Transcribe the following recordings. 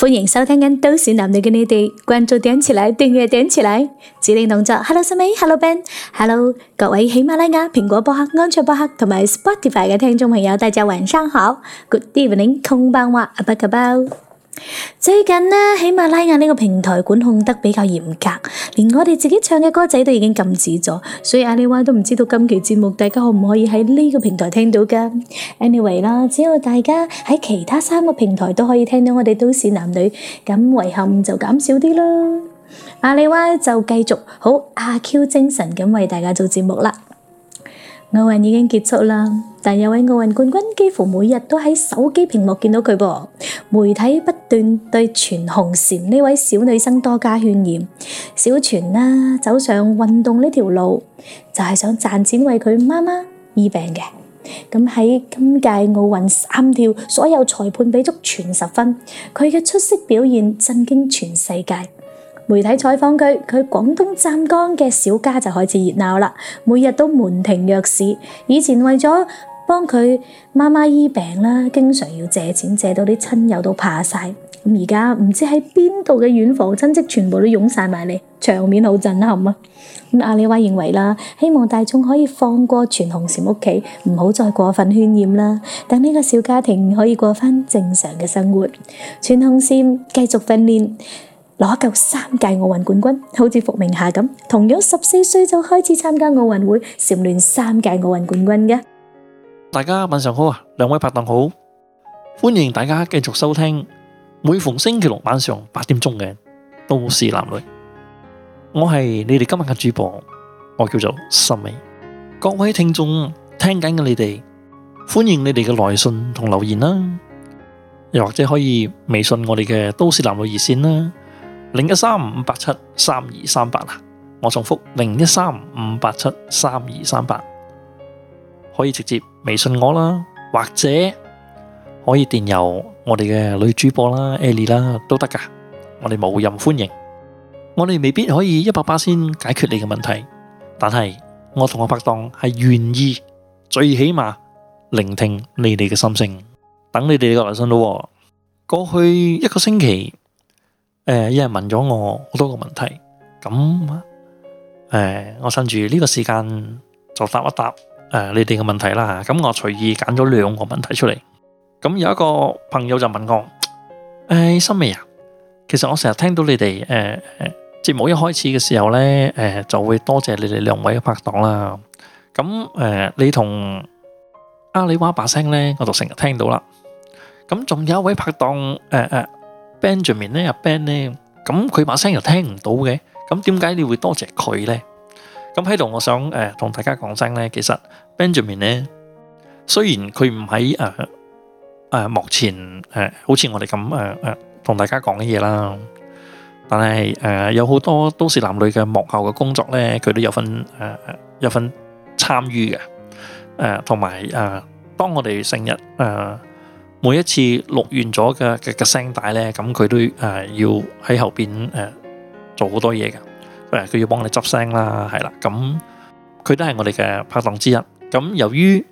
歡迎收聽《恩都市男女嘅你哋》，關注點起來，訂閱點起來，指定動作。Hello Sami，Hello Ben，Hello，各位喜馬拉雅、蘋果播客、安卓播客同埋 Spotify 嘅聽眾朋友，大家晚上好，Good evening，通班話阿包個包。最近呢，喜馬拉雅呢個平台管控得比較嚴格，連我哋自己唱嘅歌仔都已經禁止咗，所以阿里歪都唔知道今期節目大家可唔可以喺呢個平台聽到噶。Anyway 啦，只要大家喺其他三個平台都可以聽到我哋都市男女，咁遺憾就減少啲囉。阿里歪就繼續好阿 Q 精神咁為大家做節目啦。奧運已經結束啦，但有位奧運冠軍幾乎每日都喺手機屏幕見到佢噃，媒體不斷對全紅嬋呢位小女生多加渲染。小全啦、啊，走上運動呢條路就係、是、想賺錢為佢媽媽醫病嘅。咁、嗯、喺今屆奧運三跳，所有裁判俾足全十分，佢嘅出色表現震驚全世界。媒體採訪佢，佢廣東湛江嘅小家就開始熱鬧啦，每日都門庭若市。以前為咗幫佢媽媽醫病啦，經常要借錢，借到啲親友都怕晒。咁而家唔知喺邊度嘅遠房親戚全部都湧晒埋嚟，場面好震撼啊！咁阿里話認為啦，希望大眾可以放過全紅嬋屋企，唔好再過分渲染啦，等呢個小家庭可以過翻正常嘅生活。全紅嬋繼續訓練。攞夠三屆奧運冠軍，好似伏明霞咁，同樣十四歲就開始參加奧運會，蟬聯三屆奧運冠軍嘅。大家晚上好啊，兩位拍檔好，歡迎大家繼續收聽。每逢星期六晚上八點鐘嘅都市男女，我係你哋今日嘅主播，我叫做心美。各位聽眾聽緊嘅你哋，歡迎你哋嘅來信同留言啦，又或者可以微信我哋嘅都市男女熱線啦。零一三五八七三二三八啊！我重複零一三五八七三二三八，可以直接微信我啦，或者可以電郵我哋嘅女主播啦，Ellie 啦都得㗎。我哋無任歡迎，我哋未必可以一百巴仙先解決你嘅問題，但係我同我拍檔係願意，最起碼聆聽你哋嘅心聲，等你哋嘅來信咯。過去一個星期。誒，一人問咗我好多個問題，咁誒，我趁住呢個時間就答一答誒，你哋嘅問題啦。咁我隨意揀咗兩個問題出嚟。咁有一個朋友就問我：誒，心美啊，其實我成日聽到你哋誒節目一開始嘅時候咧，誒就會多謝你哋兩位嘅拍檔啦。咁誒，你同阿里娃把聲咧，我就成日聽到啦。咁仲有一位拍檔，誒誒。Benjamin 咧阿 Ben 咧，咁佢把聲又聽唔到嘅，咁點解你會多謝佢咧？咁喺度我想誒同大家講聲咧，其實 Benjamin 咧雖然佢唔喺誒誒幕前誒，好似我哋咁誒誒同大家講嘅嘢啦，但係誒有好多都市男女嘅幕後嘅工作咧，佢都有份誒有份參與嘅，誒同埋誒當我哋成日誒。每一次錄完咗嘅嘅嘅聲帶咧，咁佢都誒要喺後邊誒做好多嘢噶，誒佢要幫我哋執聲啦，係啦，咁佢都係我哋嘅拍檔之一。咁由於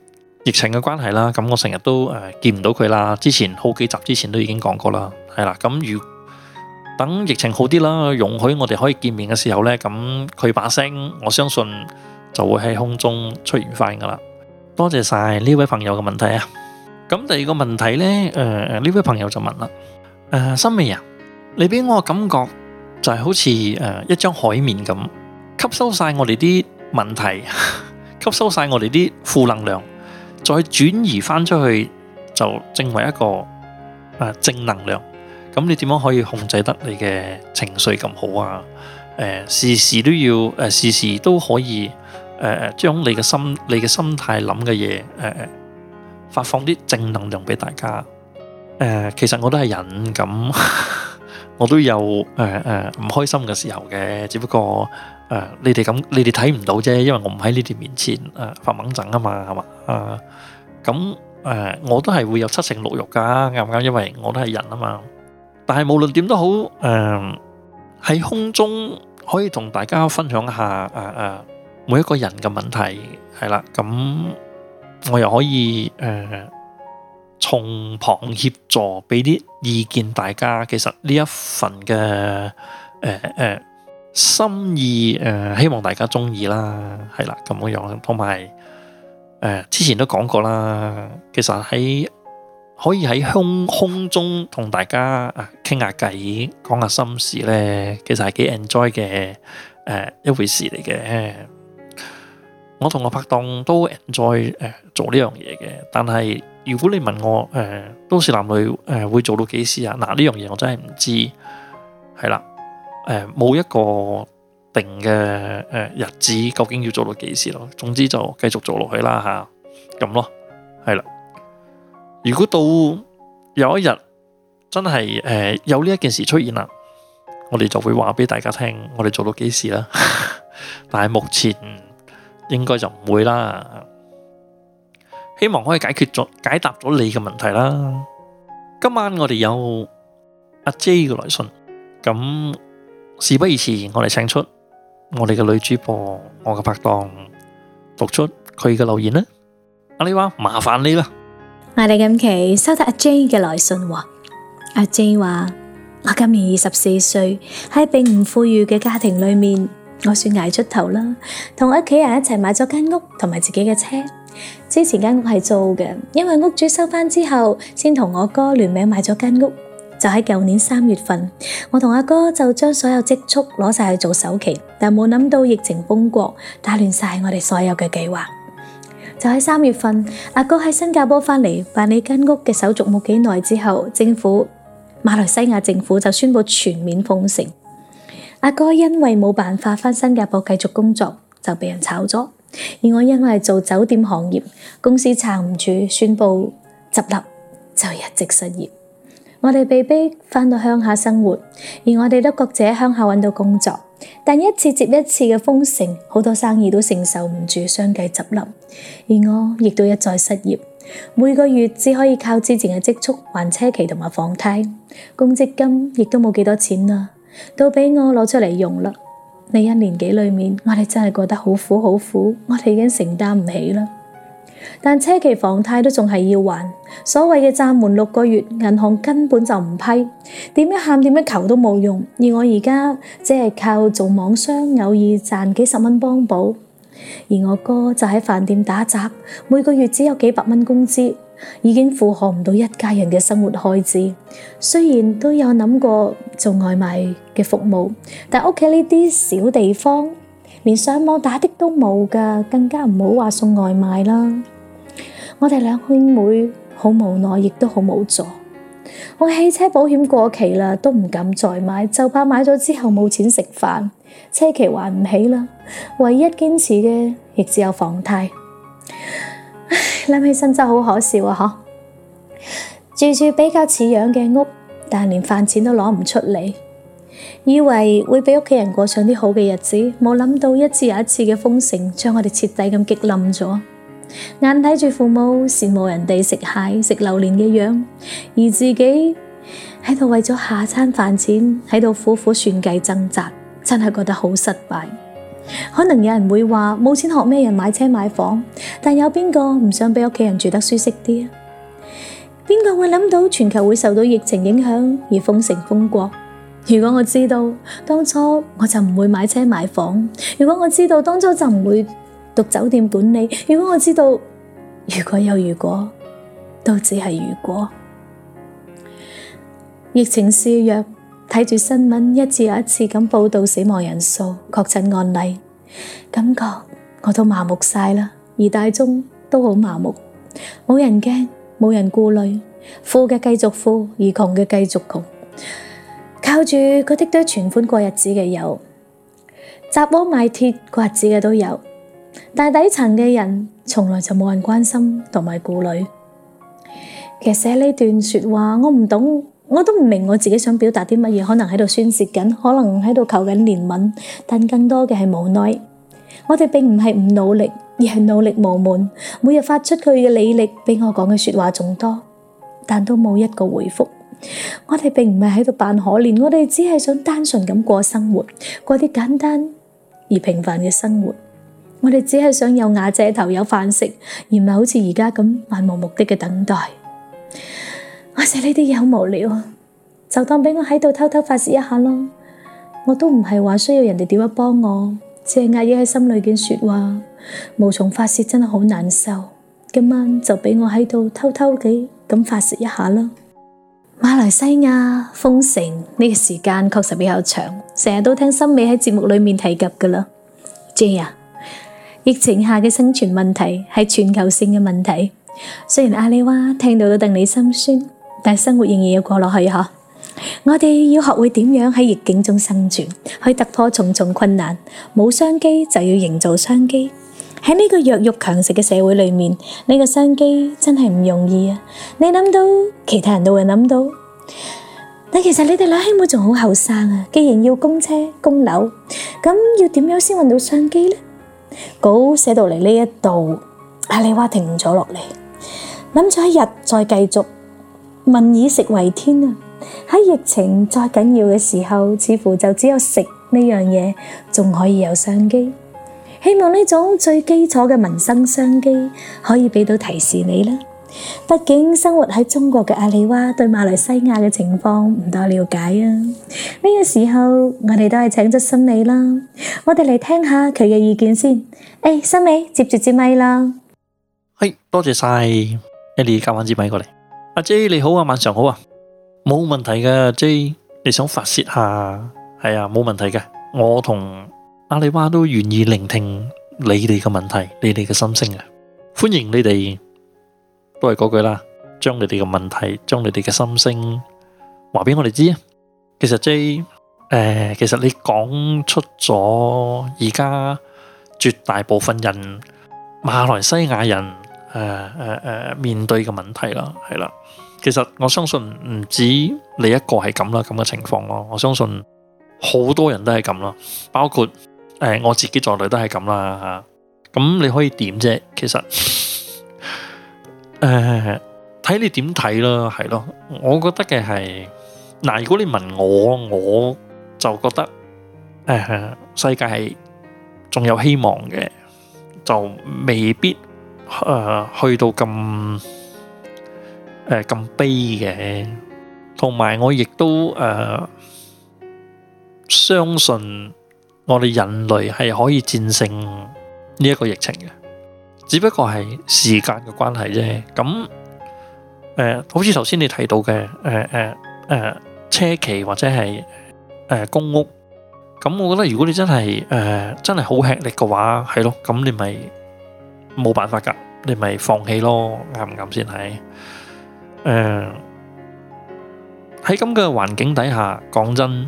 疫情嘅關係啦，咁我成日都誒見唔到佢啦。之前好幾集之前都已經講過啦，係啦。咁如等疫情好啲啦，容許我哋可以見面嘅時候咧，咁佢把聲我相信就會喺空中出現翻噶啦。多謝晒呢位朋友嘅問題啊。咁第二個問題呢，誒、呃、呢位朋友就問啦，誒、呃，心美啊，你俾我感覺就係好似誒、呃、一張海綿咁，吸收晒我哋啲問題，呵呵吸收晒我哋啲負能量，再轉移翻出去就正為一個啊、呃、正能量。咁你點樣可以控制得你嘅情緒咁好啊？誒、呃，時時都要，誒、呃，時時都可以，誒、呃，將你嘅心，你嘅心態諗嘅嘢，誒、呃。發放啲正能量俾大家。誒，其實我都係人，咁我都有誒誒唔開心嘅時候嘅。只不過誒，你哋咁，你哋睇唔到啫，因為我唔喺你哋面前誒發猛整啊嘛，係嘛？啊，咁誒，我都係會有七情六慾噶，啱唔啱？因為我都係人啊嘛。但係無論點都好，誒喺空中可以同大家分享一下誒誒每一個人嘅問題，係啦，咁。我又可以誒從、呃、旁協助，俾啲意見大家。其實呢一份嘅誒誒心意誒、呃，希望大家鍾意啦，係啦咁樣。同埋誒之前都講過啦，其實喺可以喺空空中同大家啊傾下偈，講下心事咧，其實係幾 enjoy 嘅誒一回事嚟嘅。我同我拍檔都 enjoy、呃、做呢樣嘢嘅，但係如果你問我誒，都、呃、市男女誒、呃、會做到幾時啊？嗱呢樣嘢我真係唔知，係啦，冇、呃、一個定嘅、呃、日子，究竟要做到幾時咯、啊？總之就繼續做落去啦、啊、吓，咁、啊、咯，係、啊、啦。如果到有一日真係誒、呃、有呢一件事出現啦，我哋就會話俾大家聽，我哋做到幾時啦、啊？ 但係目前。應該就唔會啦，希望可以解決咗，解答咗你嘅問題啦。今晚我哋有阿 J 嘅來信，咁事不宜遲，我哋請出我哋嘅女主播，我嘅拍檔，讀出佢嘅留言啦。阿李話麻煩你啦，我哋今期收到阿 J 嘅來信，阿 J 話我今年二十四歲，喺並唔富裕嘅家庭裏面。我算捱出頭啦，同我屋企人一齊買咗間屋同埋自己嘅車。之前間屋係租嘅，因為屋主收翻之後，先同我哥聯名買咗間屋。就喺舊年三月份，我同阿哥，哥就將所有積蓄攞晒去做首期，但係冇諗到疫情封國，打亂晒我哋所有嘅計劃。就喺三月份，阿哥喺新加坡翻嚟辦理間屋嘅手續冇幾耐之後，政府馬來西亞政府就宣布全面封城。阿哥因為冇辦法翻新加坡繼續工作，就被人炒咗；而我因為做酒店行業，公司撐唔住，宣布執笠，就一直失業。我哋被逼翻到鄉下生活，而我哋都各自喺鄉下揾到工作，但一次接一次嘅封城，好多生意都承受唔住，相繼執笠；而我亦都一再失業，每個月只可以靠之前嘅積蓄還車期同埋房貸，公積金亦都冇幾多錢啦。都俾我攞出嚟用啦！呢一年幾裏面，我哋真係過得好苦好苦，我哋已經承擔唔起啦。但車期房貸都仲係要還，所謂嘅暫緩六個月，銀行根本就唔批，點樣喊點樣求都冇用。而我而家只係靠做網商偶爾賺幾十蚊幫補，而我哥就喺飯店打雜，每個月只有幾百蚊工資。已經負荷唔到一家人嘅生活開支，雖然都有諗過做外賣嘅服務，但屋企呢啲小地方連上網打的都冇㗎，更加唔好話送外賣啦。我哋兩兄妹好無奈，亦都好無助。我汽車保險過期啦，都唔敢再買，就怕買咗之後冇錢食飯，車期還唔起啦。唯一堅持嘅亦只有房貸。諗起真係好可笑啊！嗬，住住比較似樣嘅屋，但係連飯錢都攞唔出嚟。以為會俾屋企人過上啲好嘅日子，冇諗到一次又一次嘅封城，將我哋徹底咁擊冧咗。眼睇住父母羨慕人哋食蟹食榴蓮嘅樣子，而自己喺度為咗下餐飯錢喺度苦苦算計掙扎，真係覺得好失敗。可能有人會話冇錢學咩人買車買房，但有邊個唔想俾屋企人住得舒適啲啊？邊個會諗到全球會受到疫情影響而封城封國？如果我知道當初我就唔會買車買房，如果我知道當初就唔會讀酒店管理，如果我知道，如果有如果，都只係如果，疫情肆虐。睇住新聞一次又一次咁報道死亡人數、確診案例，感覺我都麻木晒啦。而大眾都好麻木，冇人驚，冇人顧慮，富嘅繼續富，而窮嘅繼續窮。靠住嗰啲堆存款過日子嘅有，砸鍋賣鐵過日子嘅都有。但底層嘅人從來就冇人關心同埋顧慮。其實呢段說話我唔懂。我都唔明我自己想表達啲乜嘢，可能喺度宣洩緊，可能喺度求緊憐憫，但更多嘅係無奈。我哋並唔係唔努力，而係努力無門。每日發出佢嘅履歷，比我講嘅說話仲多，但都冇一個回覆。我哋並唔係喺度扮可憐，我哋只係想單純咁過生活，過啲簡單而平凡嘅生活。我哋只係想有瓦遮頭，有飯食，而唔係好似而家咁漫無目的嘅等待。我寫呢啲又無聊，就當俾我喺度偷偷發泄一下咯。我都唔係話需要人哋點樣幫我，只係壓抑喺心裏邊說話，無從發泄，真係好難受。今晚就俾我喺度偷偷嘅咁發泄一下啦。馬來西亞封城呢個時間確實比較長，成日都聽森美喺節目裏面提及噶啦。Jane 啊，疫情下嘅生存問題係全球性嘅問題，雖然阿里娃聽到都戥你心酸。但生活仍然要過落去嗬，我哋要學會點樣喺逆境中生存，去突破重重困難。冇商機就要營造商機。喺呢個弱肉強食嘅社會裏面，呢個商機真係唔容易啊！你諗到，其他人都會諗到。但其實你哋兩兄妹仲好後生啊，既然要供車供樓，咁要點樣先搵到商機呢？稿寫到嚟呢一度，阿你話停咗落嚟，諗咗一日再繼續。民以食為天啊！喺疫情再緊要嘅時候，似乎就只有食呢樣嘢仲可以有商機。希望呢種最基礎嘅民生商機可以俾到提示你啦。畢竟生活喺中國嘅阿里娃對馬來西亞嘅情況唔多了解啊。呢個時候我哋都係請咗心理啦，我哋嚟聽下佢嘅意見先。誒，心理接住支咪啦。係，多謝晒。阿麗交返支咪過嚟。阿 J 你好啊，晚上好啊，冇問題嘅。J 你想發洩下，係啊，冇問題嘅。我同阿里娃都願意聆聽你哋嘅問題，你哋嘅心聲嘅。歡迎你哋，都係嗰句啦，將你哋嘅問題，將你哋嘅心聲話俾我哋知啊。其實 J，誒，其實你講出咗而家絕大部分人，馬來西亞人。誒誒誒，面對嘅問題啦，係啦，其實我相信唔止你一個係咁啦，咁嘅情況咯。我相信好多人都係咁咯，包括誒、呃、我自己在內都係咁啦吓。咁、嗯、你可以點啫？其實誒，睇、呃、你點睇啦，係咯。我覺得嘅係，嗱、呃，如果你問我，我就覺得誒、呃，世界係仲有希望嘅，就未必。誒，去到咁誒咁悲嘅，同埋我亦都誒相信我哋人類係可以戰勝呢一個疫情嘅，只不過係時間嘅關係啫。咁誒，好似頭先你提到嘅，誒誒誒，車期或者係誒公屋，咁我覺得如果你真係誒真係好吃力嘅話，係咯，咁你咪。冇辦法噶，你咪放棄咯，啱唔啱先係？誒，喺咁嘅環境底下，講真，誒、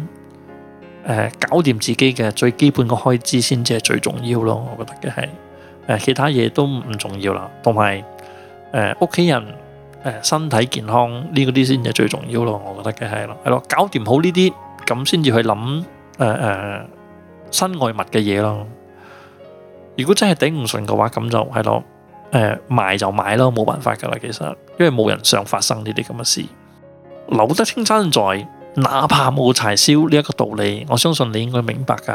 呃，搞掂自己嘅最基本嘅開支先至係最重要咯，我覺得嘅係，誒、呃，其他嘢都唔重要啦，同埋，誒、呃，屋企人，誒，身體健康呢嗰啲先至係最重要咯，我覺得嘅係咯，係咯，搞掂好呢啲，咁先至去諗，誒、呃、誒、呃，身外物嘅嘢咯。如果真係頂唔順嘅話，咁就係咯，誒賣就買咯，冇辦法噶啦，其實，因為冇人想發生呢啲咁嘅事。留得青山在，哪怕冇柴燒，呢一個道理，我相信你應該明白噶。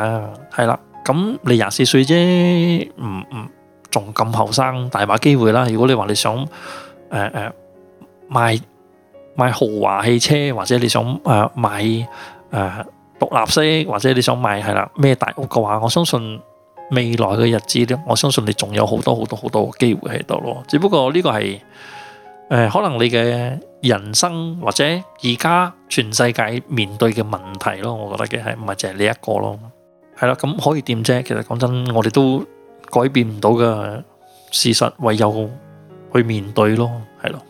係啦，咁你廿四歲啫，唔唔仲咁後生，大把機會啦。如果你話你想，誒誒買買豪華汽車，或者你想誒買誒獨立式，或者你想買係啦咩大屋嘅話，我相信。未來嘅日子咧，我相信你仲有好多好多好多嘅機會喺度咯。只不過呢個係誒，可能你嘅人生或者而家全世界面對嘅問題咯，我覺得嘅係唔係淨係你一個咯。係啦，咁可以點啫？其實講真，我哋都改變唔到嘅事實，唯有去面對咯。係咯，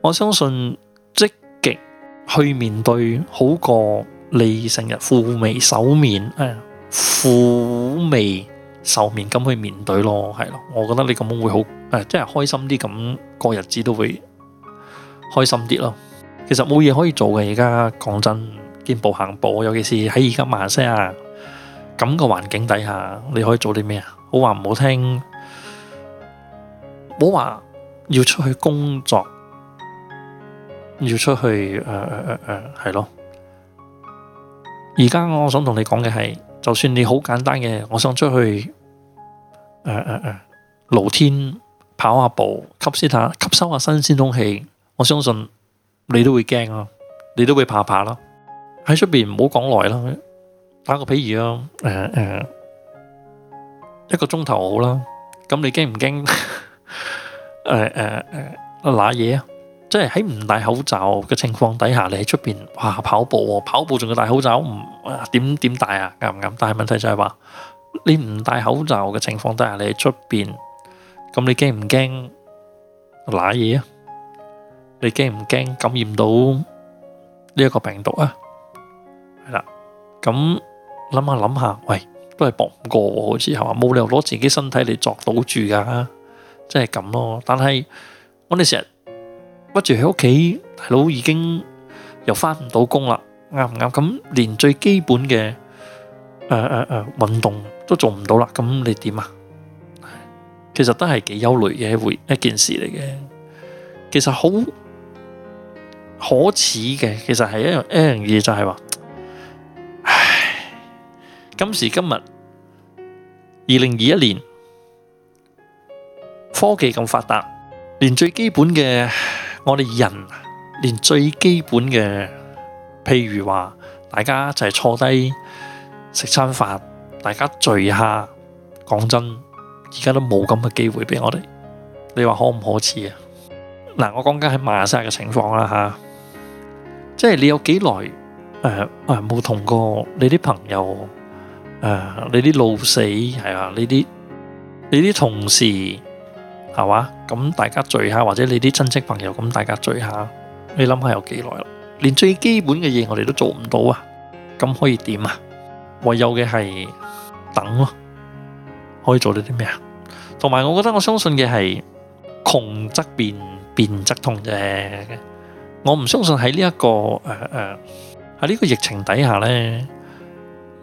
我相信積極去面對好過你成日苦眉愁面誒苦眉受面咁去面對咯，係咯，我覺得你咁樣會好誒，即係開心啲咁過日子都會開心啲咯。其實冇嘢可以做嘅，而家講真，見步行步，尤其是喺而家馬來西亞咁個環境底下，你可以做啲咩啊？好話唔好聽，冇話要出去工作，要出去誒誒誒誒，係、呃呃呃、咯。而家我想同你講嘅係。就算你好簡單嘅，我想出去，誒誒誒，露天跑下步，吸鮮下，吸收下新鮮空氣，我相信你都會驚啊，你都會怕怕啦。喺出邊唔好講耐啦，打個比喻啊，誒誒，一個鐘頭好啦，咁你驚唔驚？誒誒誒，瀨嘢啊？即係喺唔戴口罩嘅情況底下，你喺出邊哇跑步喎，跑步仲要戴口罩，唔點點戴啊，啱唔啱？但係問題就係話，你唔戴口罩嘅情況底下，你喺出邊，咁你驚唔驚瀨嘢啊？你驚唔驚感染到呢一個病毒啊？係啦，咁諗下諗下，喂，都係搏唔過好似係，冇理由攞自己身體嚟作賭注噶，即係咁咯。但係我哋成日。屈住喺屋企，大佬已經又返唔到工啦，啱唔啱？咁連最基本嘅誒誒誒運動都做唔到啦，咁你點啊？其實都係幾憂慮嘅，一回一件事嚟嘅。其實好可恥嘅，其實係一樣一樣嘢就係話，唉，今時今日二零二一年科技咁發達，連最基本嘅。我哋人連最基本嘅，譬如話大家就係坐低食餐飯，大家聚下。講真，而家都冇咁嘅機會俾我哋。你話可唔可恥啊？嗱，我講緊喺馬來西亞嘅情況啦，吓，即係你有幾耐誒冇同過你啲朋友誒、呃，你啲老死係啊，呢啲你啲同事。係嘛？咁大家聚下，或者你啲親戚朋友咁大家聚下，你諗下有幾耐啦？連最基本嘅嘢我哋都做唔到啊！咁可以點啊？唯有嘅係等咯。可以做到啲咩啊？同埋我覺得我相信嘅係窮則變，變則通啫。我唔相信喺呢一個誒誒喺呢個疫情底下呢，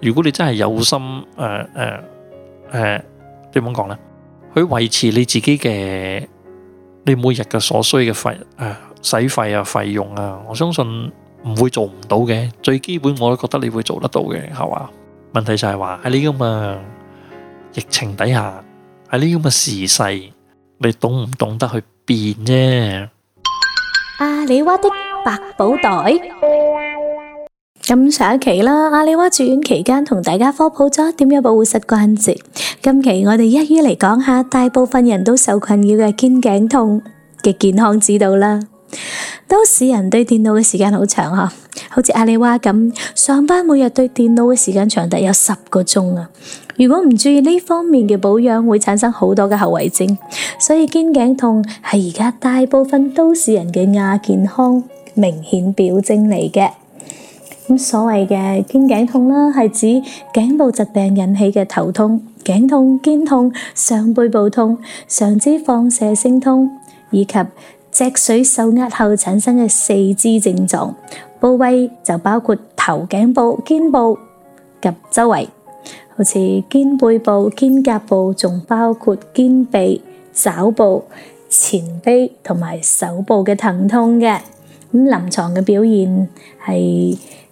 如果你真係有心誒誒誒，點樣講呢？去維持你自己嘅，你每日嘅所需嘅費誒，使費啊，費用啊，我相信唔會做唔到嘅，最基本我都覺得你會做得到嘅，係嘛？問題就係話喺呢咁嘅疫情底下，喺呢咁嘅時勢，你懂唔懂得去變啫？阿里哇的百寶袋。咁上一期啦，阿里娃住院期間同大家科普咗點樣保護膝關節。今期我哋一於嚟講下大部分人都受困擾嘅肩頸痛嘅健康指導啦。都市人對電腦嘅時間很長好長，好似阿里娃咁，上班每日對電腦嘅時間長達有十個鐘啊。如果唔注意呢方面嘅保養，會產生好多嘅後遺症。所以肩頸痛係而家大部分都市人嘅亞健康明顯表徵嚟嘅。咁所謂嘅肩頸痛啦，係指頸部疾病引起嘅頭痛、頸痛、肩痛、上背部痛、上肢放射性痛，以及脊髓受壓後產生嘅四肢症狀。部位就包括頭頸部、肩部及周圍，好似肩背部、肩胛部，仲包括肩臂、肘部、前臂同埋手部嘅疼痛嘅。咁臨床嘅表現係。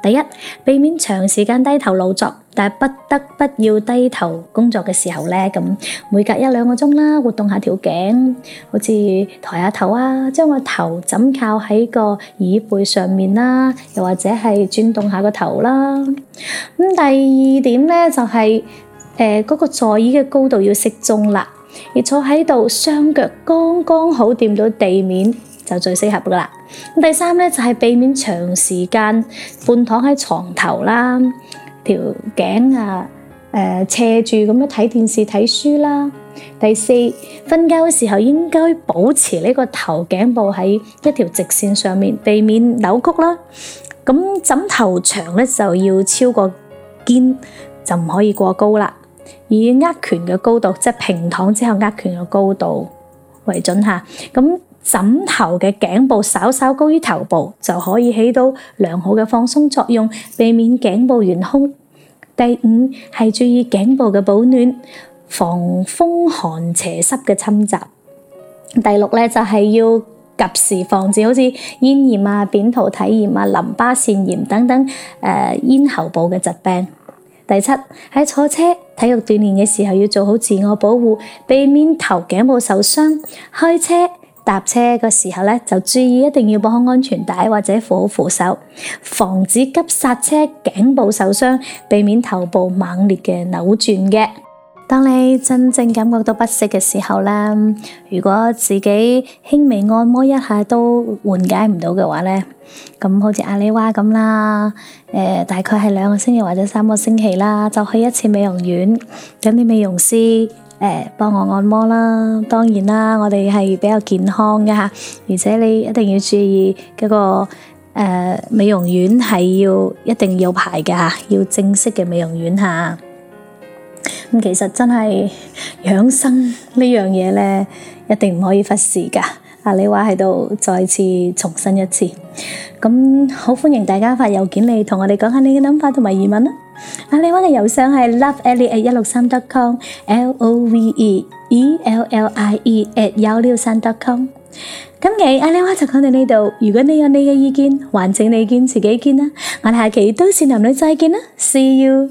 第一，避免長時間低頭勞作，但不得不要低頭工作嘅時候呢，咁每隔一兩個鐘啦，活動下條頸，好似抬下頭啊，將個頭枕靠喺個椅背上面啦，又或者係轉動下個頭啦。咁第二點呢、就是，就、呃、係，誒嗰個座椅嘅高度要適中啦，而坐喺度，雙腳剛剛好墊到地面。就最適合噶啦。咁第三咧就係避免長時間半躺喺牀頭啦，條頸啊誒斜住咁樣睇電視睇書啦。第四，瞓覺嘅時候應該保持呢個頭頸部喺一條直線上面，避免扭曲啦。咁枕頭長咧就要超過肩，就唔可以過高啦，以握拳嘅高度即係平躺之後握拳嘅高度為準嚇。咁枕頭嘅頸部稍稍高於頭部就可以起到良好嘅放鬆作用，避免頸部懸空。第五係注意頸部嘅保暖，防風寒邪濕嘅侵襲。第六呢，就係、是、要及時防止好似咽炎啊、扁桃體炎啊、淋巴腺炎等等誒、呃、咽喉部嘅疾病。第七喺坐車、體育鍛煉嘅時候要做好自我保護，避免頭頸部受傷。開車。搭車嘅時候呢，就注意一定要綁好安全帶或者扶好扶手，防止急剎車頸部受傷，避免頭部猛烈嘅扭轉嘅。當你真正感覺到不適嘅時候呢，如果自己輕微按摩一下都緩解唔到嘅話呢，咁好似阿里娃咁啦，呃，大概係兩個星期或者三個星期啦，就去一次美容院，咁你美容師。誒、欸、幫我按摩啦，當然啦，我哋係比較健康嘅嚇，而且你一定要注意嗰、那個誒、呃、美容院係要一定要有牌嘅嚇，要正式嘅美容院嚇、啊。其實真係養生呢樣嘢呢，一定唔可以忽視噶。啊，你話喺度再次重申一次，咁好歡迎大家發郵件嚟同我哋講下你嘅諗法同埋疑問啊！阿麗娃嘅郵箱係 loveellie@ 一六三 .com，L-O-V-E-E-L-L-I-E@ 一六三 .com。今日阿麗娃就講到呢度，如果你有你嘅意見，還請你堅持己見啦。我哋下期都市男女再見啦，See you。